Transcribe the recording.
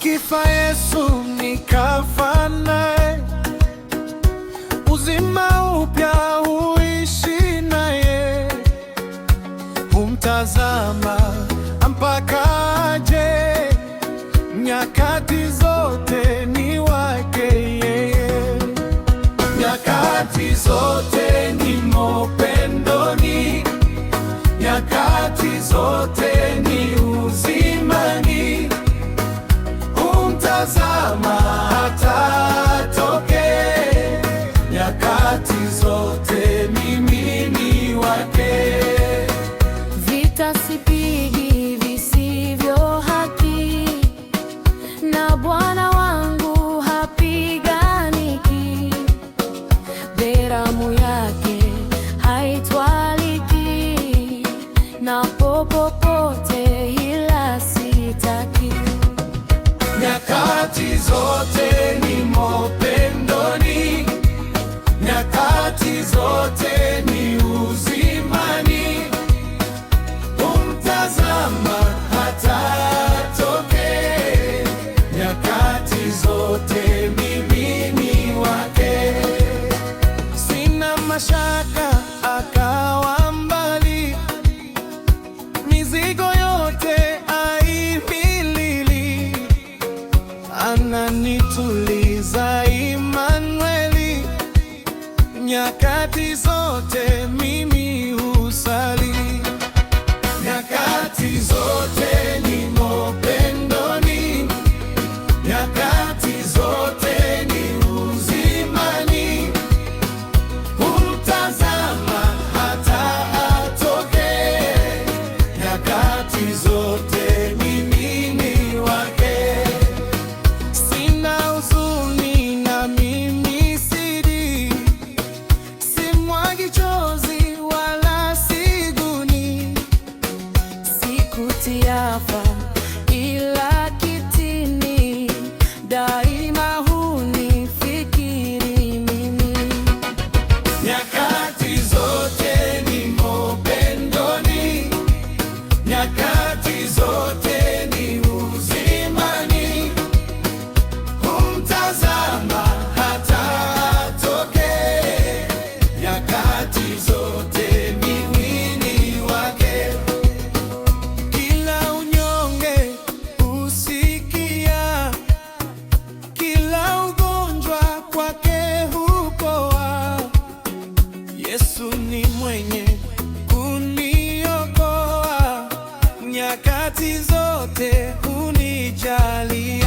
Akifa Yesu nikafa naye, uzima upya uishi naye, humtazama mpaka aje, nyakati zote ni wake yeye, nyakati zote nimo pendoni, nyakati zote ni uzima tazama hatatoke, nyakati zote mimi ni wake. Vita sipigi visivyo haki, na Bwana wangu hapiganiki. Beramu yake haitwaliki na popopo nyakati zote mimi Alpha. Yesu ni mwenye kuniokoa nyakati zote, hunijali